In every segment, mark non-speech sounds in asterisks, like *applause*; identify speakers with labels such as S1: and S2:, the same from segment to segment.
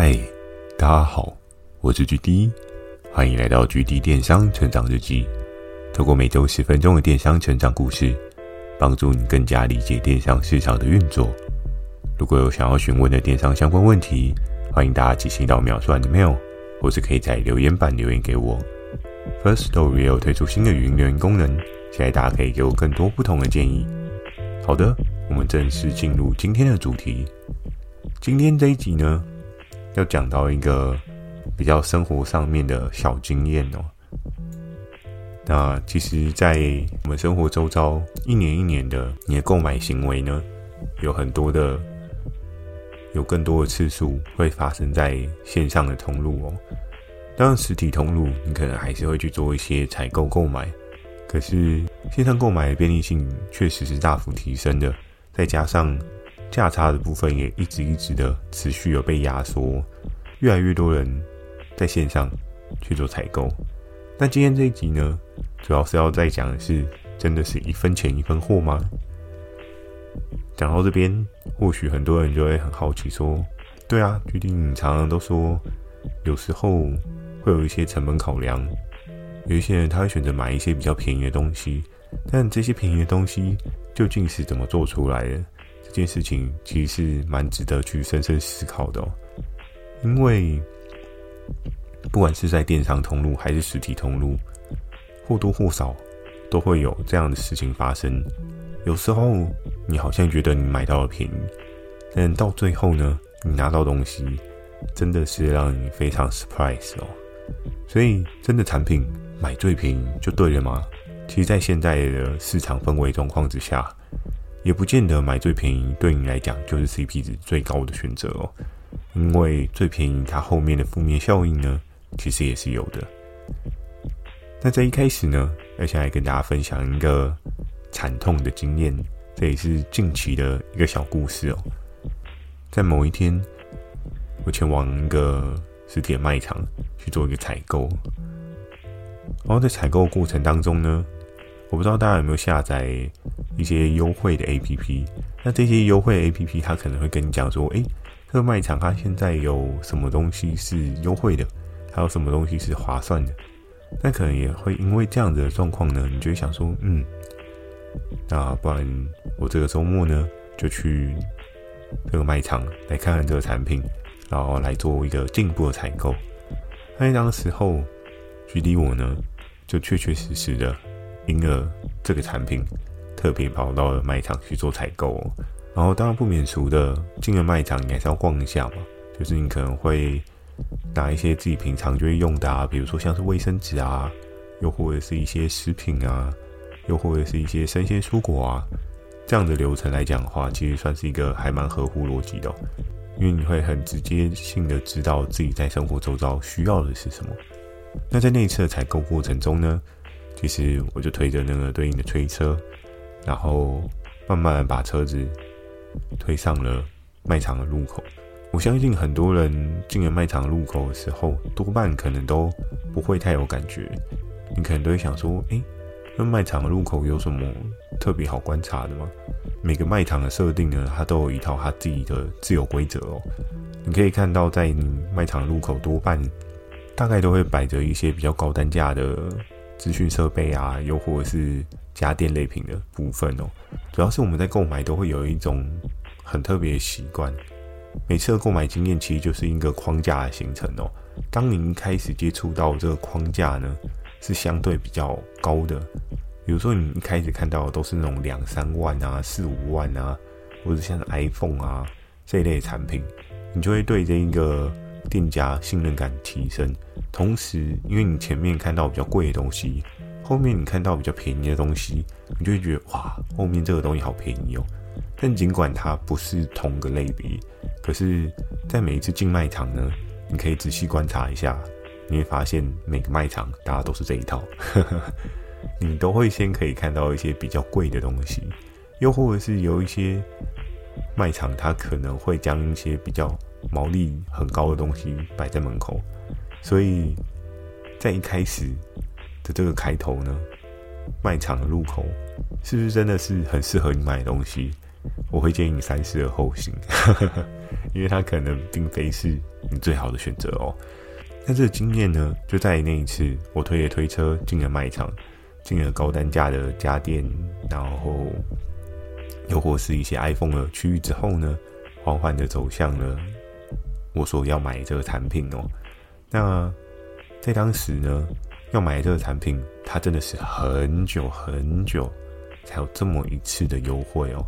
S1: 嗨，Hi, 大家好，我是 GD，歡迎來到 GD 電商成長日記。透過每周十分鐘的電商成長故事，幫助你更加理解電商市場的運作。如果有想要詢問的電商相關問題，歡迎大家寄信到秒算的 mail，或是可以在留言板留言給我。First Story 也有推出新的語音留言功能，期待大家可以給我更多不同的建議。好的，我們正式進入今天的主題。今天這一集呢，要講到一個比較生活上面的小經驗哦。那其實，在我們生活周遭，一年一年的，你的購買行為呢，有很多的，有更多的次數會發生在線上的通路哦。當然，實體通路你可能還是會去做一些採購購買，可是線上購買的便利性確實是大幅提升的，再加上。價差的部分也一直一直的持續有被壓縮，越來越多人在線上去做採購。那今天這一集呢，主要是要再講的是，真的是一分錢一分貨嗎？講到這邊，或許很多人就會很好奇，說，對啊，決定常常都說，有時候會有一些成本考量，有一些人他會選擇買一些比較便宜的東西，但這些便宜的東西究竟是怎麼做出來的？這件事情其實是蠻值得去深深思考的哦，因為不管是在電商通路還是實體通路，或多或少都會有這樣的事情發生。有時候你好像覺得你買到了便宜，但到最後呢，你拿到東西真的是讓你非常 surprise 哦。所以，真的產品買最便宜就對了嗎？其實，在現在的市場氛圍狀況之下。也不見得買最便宜對你來講就是 CP 值最高的選擇哦，因為最便宜它後面的負面效應呢，其實也是有的。那在一開始呢，要先來跟大家分享一個慘痛的經驗，這也是近期的一個小故事哦。在某一天，我前往一個實體的賣場去做一個採購，然後在採購過程當中呢。我不知道大家有沒有下載一些優惠的 A P P？那這些優惠 A P P，它可能會跟你講說：“哎、欸，這個賣場它現在有什麼東西是優惠的，還有什麼東西是划算的。”那可能也會因為這樣子的狀況呢，你就會想說：“嗯，那不然我這個週末呢，就去這個賣場來看看這個產品，然後來做一個進一步的採購。”那當那時候距離我呢，就確確實實的。因而，這個產品，特別跑到了賣場去做採購哦。然後當然不免俗的進了賣場，你還是要逛一下嘛。就是你可能會拿一些自己平常就會用的啊，比如說像是衛生紙啊，又或者是一些食品啊，又或者是一些生鮮蔬果啊，這樣的流程來講的話，其實算是一個還蠻合乎邏輯的哦，因為你會很直接性的知道自己在生活周遭需要的是什麼。那在那一次的採購過程中呢？其實我就推着那個對應的推車，然後慢慢的把車子推上了賣場的入口。我相信很多人進了賣場入口的時候，多半可能都不會太有感覺。你可能都會想說：“哎，那賣場的入口有什麼特別好觀察的嗎？”每個賣場的設定呢，它都有一套它自己的自由規則哦。你可以看到，在賣場入口多半大概都會擺着一些比較高單價的。資訊設備啊，又或者是家電類品的部分哦，主要是我們在購買都會有一種很特別的習慣，每次的購買經驗其實就是一個框架的形成哦。當您開始接觸到這個框架呢，是相對比較高的，比如說你一開始看到的都是那種兩三萬啊、四五萬啊，或者像 iPhone 啊這一類的產品，你就會對這一個。店家信任感提升，同時，因為你前面看到比較貴的東西，後面你看到比較便宜的東西，你就會覺得哇，後面這個東西好便宜哦。但儘管它不是同個類別，可是，在每一次進賣場呢，你可以仔細觀察一下，你會發現每個賣場大家都是這一套， *laughs* 你都會先可以看到一些比較貴的東西，又或者是有一些賣場它可能會將一些比較。毛利很高的東西擺在門口，所以在一開始的這個開頭呢，賣場的入口是不是真的是很適合你買的東西？我會建議你三思而後行， *laughs* 因為它可能並非是你最好的選擇哦。那這個經驗呢，就在於那一次我推着推車進了賣場，進了高單價的家電，然後又或是一些 iPhone 的區域之後呢，緩緩的走向了。我說要買這個產品哦，那在當時呢，要買這個產品，它真的是很久很久才有這麼一次的優惠哦。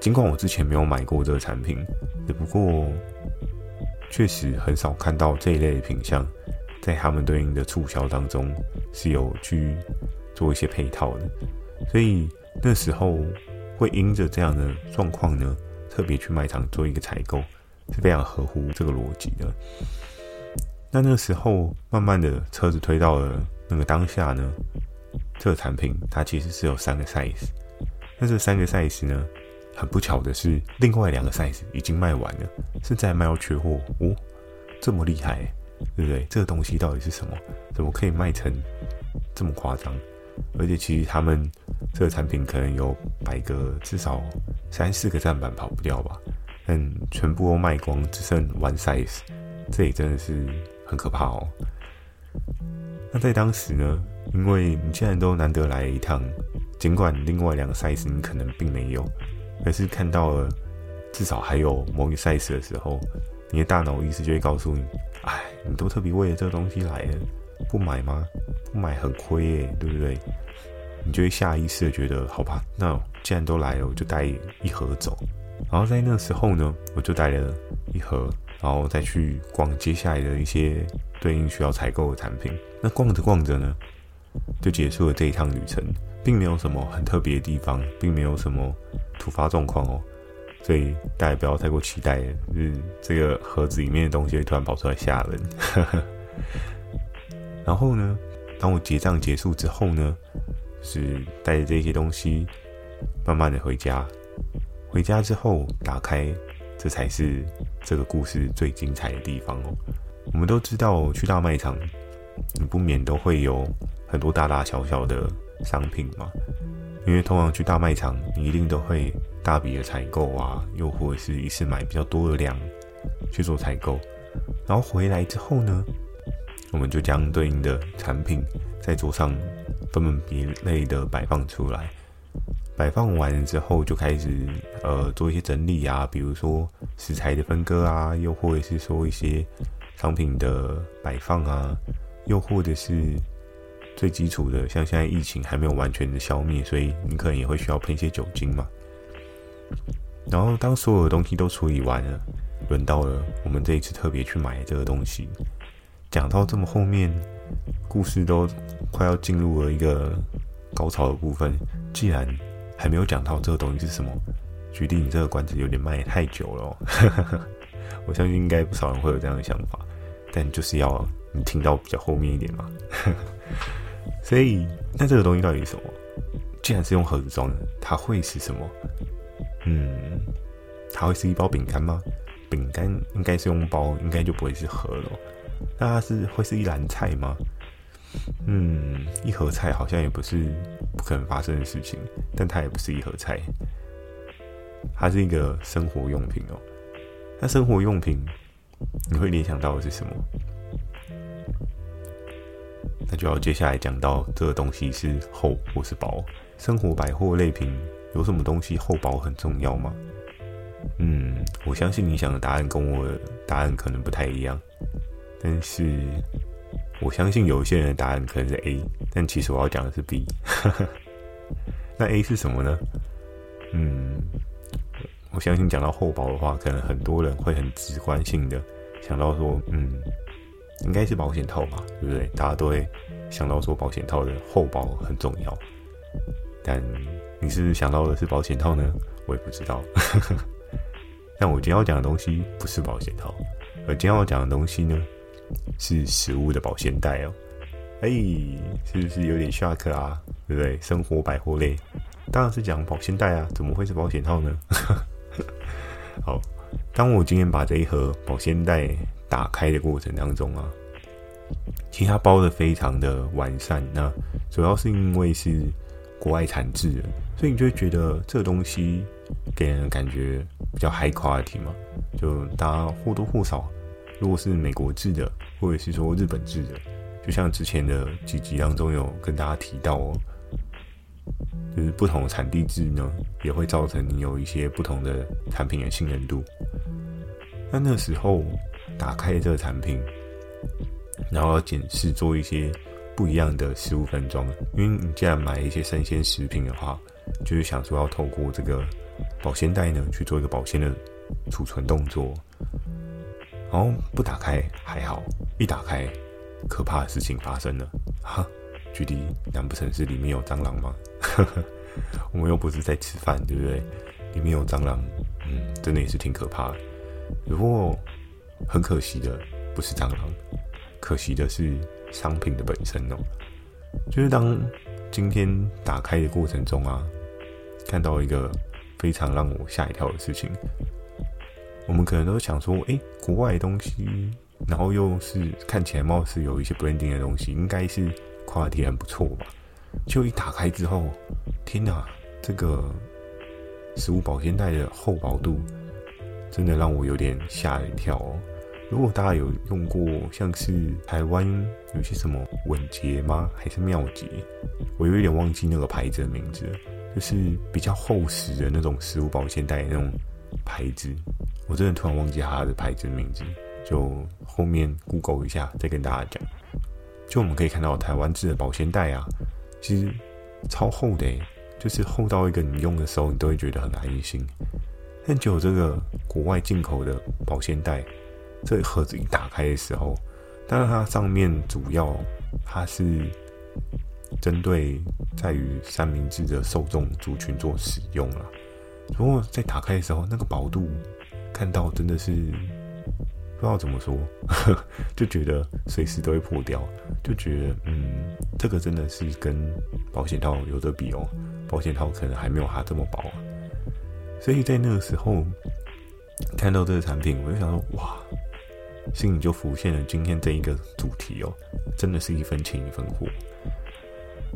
S1: 儘管我之前沒有買過這個產品，只不過確實很少看到這一類的品相，在他們對應的促銷當中是有去做一些配套的，所以那時候會因着這樣的狀況呢，特別去賣場做一個採購。是非常合乎這個邏輯的。那那個時候，慢慢的車子推到了那個當下呢，這個產品它其實是有三個 size，那這三個 size 呢，很不巧的是，另外兩個 size 已經賣完了，甚至賣到缺貨哦，這麼厲害，對不對？這個東西到底是什麼？怎麼可以賣成這麼誇張？而且其實他們這個產品可能有百個，至少三四個棧板跑不掉吧。嗯，全部都賣光，只剩 one size，這也真的是很可怕哦。那在當時呢，因為你既然都難得來一趟，儘管另外兩個 size 你可能並沒有，可是看到了至少還有某一個 size 的時候，你的大腦意識就會告訴你，哎，你都特別為了這個東西來了，不買嗎？不買很虧耶，對不對？你就會下意識的覺得，好吧，那既然都來了，我就帶一盒走。然後在那時候呢，我就帶了一盒，然後再去逛接下來的一些對應需要採購的產品。那逛着逛着呢，就結束了這一趟旅程，並沒有什麼很特別的地方，並沒有什麼突發狀況哦，所以大家不要太過期待，嗯、就是，這個盒子裡面的東西突然跑出來嚇人。 *laughs* 然後呢，當我結賬結束之後呢，就是帶着這些東西慢慢的回家。回家之後打開，這才是這個故事最精彩的地方哦。我們都知道，去大賣場，你不免都會有很多大大小小的商品嘛。因為通常去大賣場，你一定都會大筆的採購啊，又或是一次買比較多的量去做採購。然後回來之後呢，我們就將對應的產品在桌上分門別類的擺放出來。擺放完了之後，就開始呃做一些整理啊，比如說食材的分割啊，又或者是說一些商品的擺放啊，又或者是最基礎的，像現在疫情還沒有完全的消滅，所以你可能也會需要噴一些酒精嘛。然後當所有的東西都處理完了，輪到了我們這一次特別去買這個東西。講到這麼後面，故事都快要進入了一個高潮的部分，既然還沒有講到這個東西是什麼，覺得，你這個關子有點賣太久了，哦， *laughs* 我相信應該不少人會有這樣的想法，但就是要你聽到比較後面一點嘛。 *laughs* 所以，那這個東西到底是什麼？既然是用盒子裝的，它會是什麼？嗯，它會是一包餅乾嗎？餅乾應該是用包，應該就不會是盒了。那它是會是一籃菜嗎？嗯，一盒菜好像也不是不可能發生的事情，但它也不是一盒菜，它是一個生活用品哦。那生活用品，你會聯想到的是什麼？那就要接下來講到這個東西是厚或是薄。生活百貨類品有什麼東西厚薄很重要嗎？嗯，我相信你想的答案跟我的答案可能不太一樣，但是。我相信有一些人的答案可能是 A，但其實我要講的是 B。 *laughs* 那 A 是什麼呢？嗯，我相信講到厚薄的話，可能很多人會很直觀性的想到說，嗯，應該是保險套吧，對不對？大家都會想到說保險套的厚薄很重要。但你是想到的是保險套呢？我也不知道。 *laughs* 但我今天要講的東西不是保險套，而今天要講的東西呢？是食物的保鮮袋哦，哎、欸，是不是有點 shock 啊？對不對？生活百貨類，當然是講保鮮袋啊，怎麼會是保險套呢？ *laughs* 好，當我今天把這一盒保鮮袋打開的過程當中啊，其實它包得非常的完善，那主要是因為是國外產製的，所以你就會覺得這東西給人感覺比較 high quality 嘛，就大家或多或少。如果是美國製的，或者是說日本製的，就像之前的幾集當中有跟大家提到哦，就是不同的產地製呢，也會造成你有一些不同的產品的信任度。那那時候打開這個產品，然後要檢視做一些不一樣的食物分裝，因為你既然買一些生鮮食品的話，就是想說要透過這個保鮮袋呢，去做一個保鮮的儲存動作。然後、哦、不打開還好，一打開，可怕的事情發生了啊！GD 難不成是裡面有蟑螂嗎？ *laughs* 我們又不是在吃飯，對不對？裡面有蟑螂，嗯，真的也是挺可怕的。不過很可惜的不是蟑螂，可惜的是商品的本身哦、喔。就是當今天打開的過程中啊，看到一個非常讓我嚇一跳的事情。我們可能都想說，誒，國外的東西，然後又是看起來貌似有一些 branding 的東西，應該是 quality 很不錯吧？就一打開之後，天哪，這個食物保鮮袋的厚薄度，真的讓我有點嚇一跳哦！如果大家有用過像是台灣有些什麼吻潔嗎？還是妙潔？我有點忘記那個牌子的名字了，就是比較厚實的那種食物保鮮袋的那種。牌子，我真的突然忘記它的牌子的名字，就後面 Google 一下再跟大家講。就我們可以看到台灣制的保鮮袋啊，其實超厚的，欸，就是厚到一個你用的時候你都會覺得很安心。但只有這個國外進口的保鮮袋，這個盒子一打開的時候，當然它上面主要它是針對在於三明治的受眾族群做使用了啊。不過在打開的時候，那個薄度看到真的是不知道怎麼說，呵呵，就覺得隨時都會破掉，就覺得嗯，這個真的是跟保險套有的比哦，保險套可能還沒有它這麼薄啊。所以在那個時候看到這個產品，我就想說哇，心裡就浮現了今天這一個主題哦，真的是一分錢一分貨。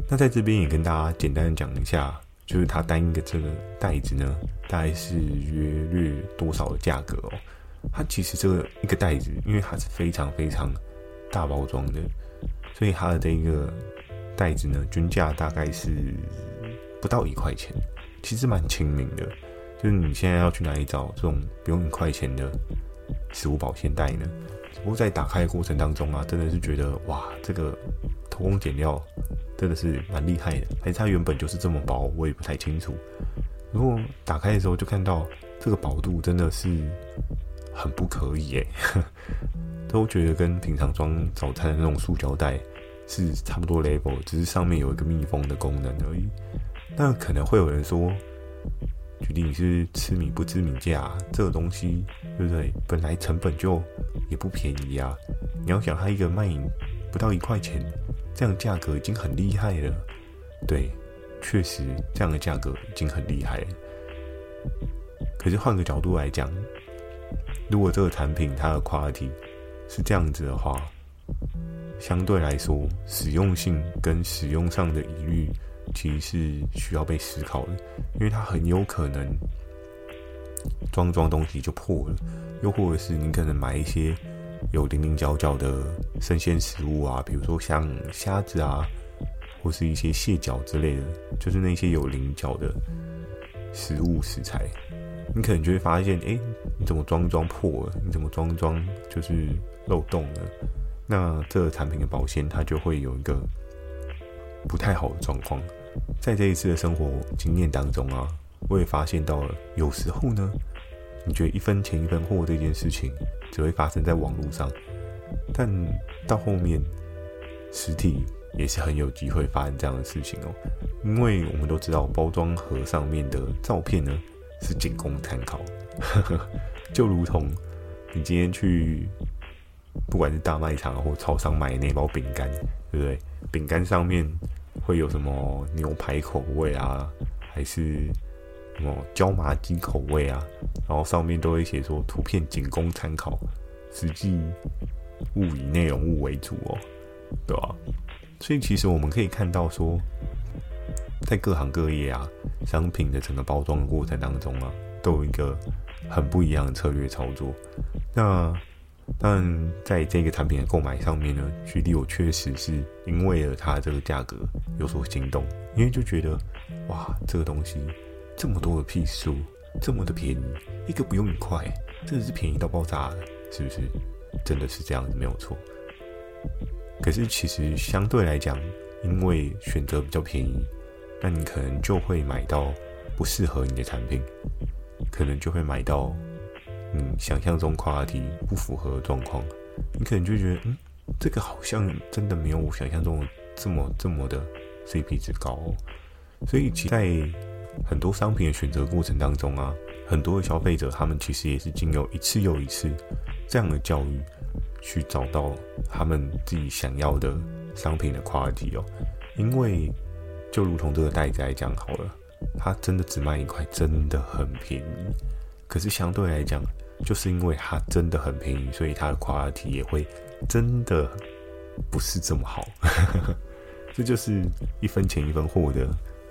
S1: 那在這邊也跟大家簡單的講一下。就是它單一個這個袋子呢，大概是約略多少的價格哦？它其實這個一個袋子，因為它是非常非常大包裝的，所以它的這一個袋子呢，均價大概是不到一塊錢，其實蠻親民的。就是你現在要去哪裡找這種不用一塊錢的食物保鮮袋呢？不過在打開的過程當中啊，真的是覺得哇，這個偷工減料真的是蠻厲害的。還是它原本就是這麼薄，我也不太清楚。如果打開的時候就看到這個薄度，真的是很不可以哎， *laughs* 都覺得跟平常裝早餐的那種塑膠袋是差不多 level，只是上面有一個密封的功能而已。那可能會有人說。決定你是吃米不知名價、啊、這個東西，對不對？本來成本就也不便宜啊。你要想他一個賣飲不到一塊錢，這樣價格已經很厲害了。對，確實這樣的價格已經很厲害了。可是換個角度來講，如果這個產品它的跨 u 是這樣子的話，相對來說使用性跟使用上的疑慮。其實是需要被思考的，因為它很有可能裝裝東西就破了，又或者是你可能買一些有稜稜角角的生鮮食物啊，比如說像蝦子啊，或是一些蟹腳之類的，就是那些有稜角的食物食材，你可能就會發現，哎、欸，你怎麼裝裝破了？你怎麼裝裝就是漏洞了？那這個產品的保鮮它就會有一個。不太好的狀況，在這一次的生活經驗當中啊，我也發現到了，有時候呢，你覺得一分錢一分貨這件事情只會發生在網絡上，但到後面實體也是很有機會發生這樣的事情哦，因為我們都知道包裝盒上面的照片呢是僅供參考，就如同你今天去不管是大賣場或超商買的那包餅乾。對不對？餅乾上面會有什麼牛排口味啊，還是什麼椒麻雞口味啊？然後上面都會寫說：圖片僅供參考，實際物以內容物為主哦，對吧？所以其實我們可以看到說，在各行各業啊，商品的整個包裝的過程當中啊，都有一個很不一樣的策略操作。那但在這個產品的購買上面呢，舉例我確實是因為了它這個價格有所心動，因為就覺得，哇，這個東西這麼多的屁數，這麼的便宜，一個不用一塊，真的是便宜到爆炸了，是不是？真的是這樣子沒有錯。可是其實相對來講，因為選擇比較便宜，那你可能就會買到不適合你的產品，可能就會買到。你、嗯、想象中 Quality 不符合狀況，你可能就覺得，嗯，這個好像真的沒有我想象中這麼這麼的 CP 值高哦。所以，在很多商品的選擇過程當中啊，很多的消費者他們其實也是經由一次又一次這樣的教育，去找到他們自己想要的商品的 Quality 哦。因為就如同這個袋子來講好了，它真的只賣一塊，真的很便宜，可是相對來講，就是因為它真的很便宜，所以它的 quality 也會真的不是這麼好。 *laughs* 這就是一分錢一分貨的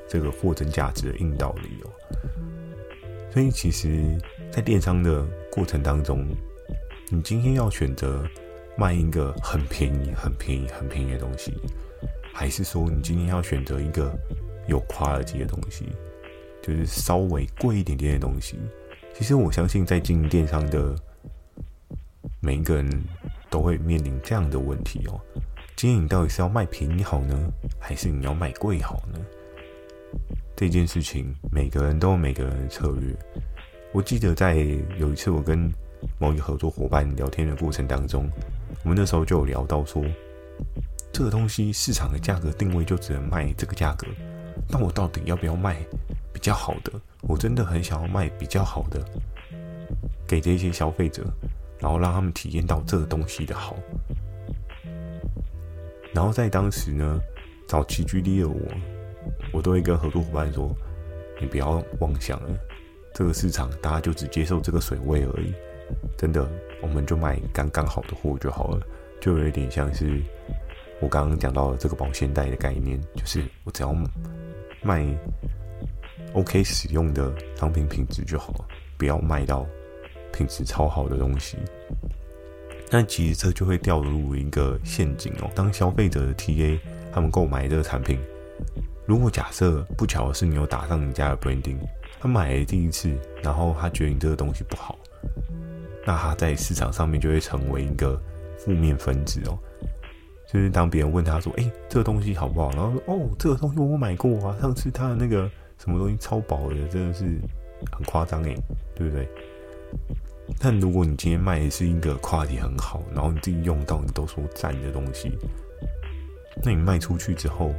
S1: 這個貨真價實的硬道理哦。所以其實，在電商的過程當中，你今天要選擇賣一個很便宜、很便宜、很便宜的東西，還是說你今天要選擇一個有 quality 的東西，就是稍微貴一點點的東西？其實我相信，在經營電商的每一個人都會面臨這樣的問題哦：經營到底是要賣便宜好呢，還是你要賣貴好呢？這件事情，每個人都有每個人的策略。我記得在有一次我跟某一個合作夥伴聊天的過程當中，我們那時候就聊到說，這個東西市場的價格定位就只能賣這個價格，那我到底要不要賣？比較好的，我真的很想要賣比較好的，給這些消費者，然後讓他們體驗到這個東西的好。然後在當時呢，早期 GD 的我，我都會跟合作夥伴說：“你不要妄想了，這個市場大家就只接受這個水位而已，真的，我們就賣剛剛好的貨就好了。”就有一點像是我剛剛講到的這個保鮮袋的概念，就是我只要賣。OK 使用的商品品質就好了，不要賣到品質超好的東西。但其實這就會掉入一個陷阱哦。當消費者的 TA 他們購買這個產品，如果假設不巧的是你有打上你家的 branding，他買了第一次，然後他覺得你這個東西不好，那他在市場上面就會成為一個負面分子哦。就是當別人問他說：“誒、欸，這個東西好不好？”然後說：“哦，這個東西我買過啊，上次他的那個……”什麼東西超薄的，真的是很誇張誒，對不對？但如果你今天賣的是一個誇題很好，然後你自己用到你都說讚的東西，那你賣出去之後，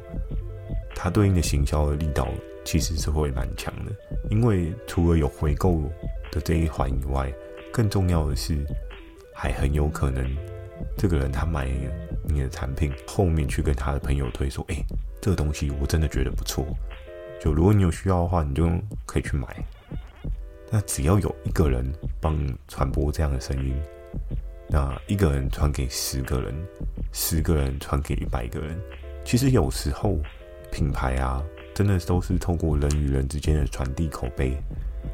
S1: 它對應的行銷的力道其實是會蠻強的，因為除了有回購的這一環以外，更重要的是，還很有可能這個人他買了你的產品，後面去跟他的朋友推說：“誒，這個東西我真的覺得不錯。”就如果你有需要的話，你就可以去買。那只要有一個人幫你傳播這樣的聲音，那一個人傳給十個人，十個人傳給一百個人。其實有時候品牌啊，真的都是透過人與人之間的傳遞口碑，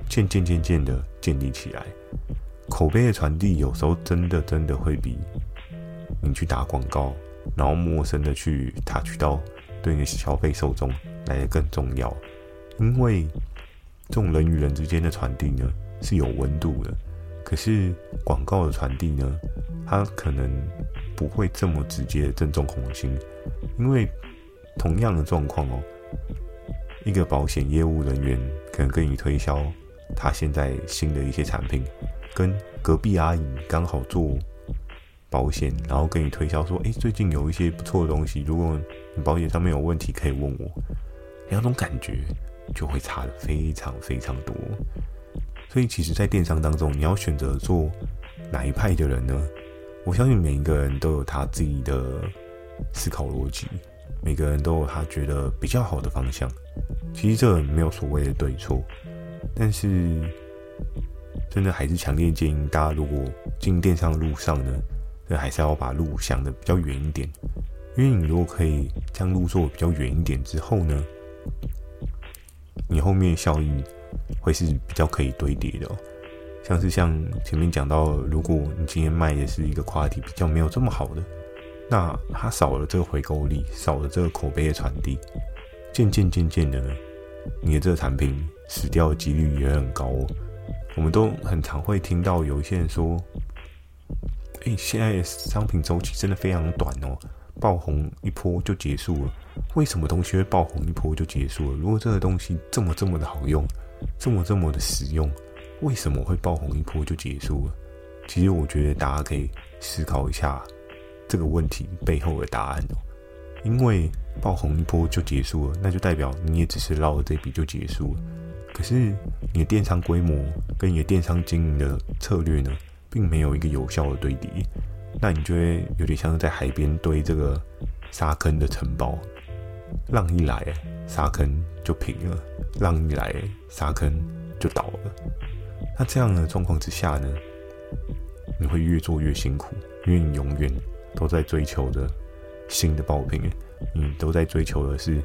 S1: 漸漸漸漸的建立起來。口碑的傳遞有時候真的真的會比你去打廣告，然後陌生的去打渠道，對你的消費受眾來得更重要，因為這種人與人之間的傳遞呢，是有溫度的，可是廣告的傳遞呢，它可能不會這麼直接的正中紅心，因為同樣的狀況哦，一個保險業務人員可能跟你推銷他現在新的一些產品，跟隔壁阿姨剛好做保險，然後跟你推銷說：“欸，最近有一些不錯的東西，如果……”你保險上面有問題可以問我，兩種感覺就會差得非常非常多。所以其實，在電商當中，你要選擇做哪一派的人呢？我相信每一個人都有他自己的思考邏輯，每個人都有他覺得比較好的方向。其實這沒有所謂的對錯，但是真的還是強烈建議大家，如果進電商的路上呢，還是要把路想得比較遠一點。因為你如果可以將入座比較遠一點之後呢，你後面效益會是比較可以堆疊的哦。像是像前面講到，如果你今天賣的是一個跨體比較沒有這麼好的，那它少了這個回購力，少了這個口碑的傳遞，漸漸漸漸的呢，你的這個產品死掉的幾率也很高哦。我們都很常會聽到有一些人說：“哎、欸，現在商品週期真的非常短哦。”爆紅一波就結束了，為什麼東西會爆紅一波就結束了？如果這個東西這麼這麼的好用，這麼這麼的實用，為什麼會爆紅一波就結束了？其實我覺得大家可以思考一下這個問題背後的答案哦。因為爆紅一波就結束了，那就代表你也只是撈了這筆就結束了。可是你的電商規模跟你的電商經營的策略呢，並沒有一個有效的對比。那你就會有點像是在海邊堆這個沙坑的城堡，浪一來，沙坑就平了；浪一來，沙坑就倒了。那這樣的狀況之下呢，你會越做越辛苦，因為你永遠都在追求着新的爆品，你都在追求的是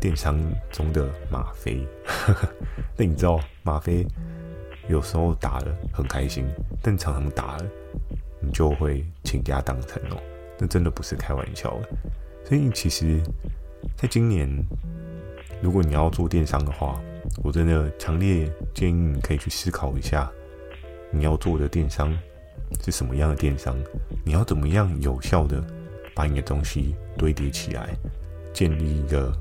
S1: 電商中的嗎啡。 *laughs* 那你知道嗎啡有時候打得很開心，但常常打得。你就會傾家蕩產哦，那真的不是開玩笑的。所以，其實，在今年，如果你要做電商的話，我真的強烈建議你可以去思考一下，你要做的電商是什麼樣的電商，你要怎麼樣有效的把你的東西堆疊起來，建立一個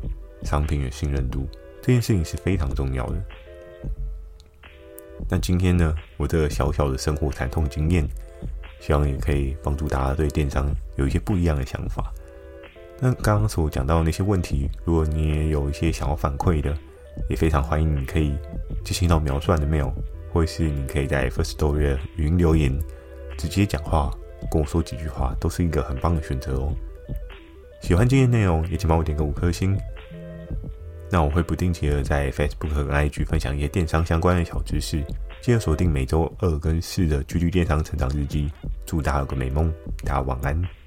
S1: 商品的信任度，這件事情是非常重要的。那今天呢，我的小小的生活慘痛經驗。希望也可以幫助大家對電商有一些不一樣的想法。那剛剛所講到的那些問題，如果你也有一些想要反饋的，也非常歡迎你可以進行到描述的 mail，或是你可以在 Firstory 語音留言直接講話，跟我說幾句話，都是一個很棒的選擇哦。喜歡今天的內容，也請幫我點個五顆星。那我會不定期的在 Facebook 和 IG 分享一些電商相關的小知識。接着鎖定每周二跟四的《GD 電商成長日記》，祝大家有個美夢，大家晚安。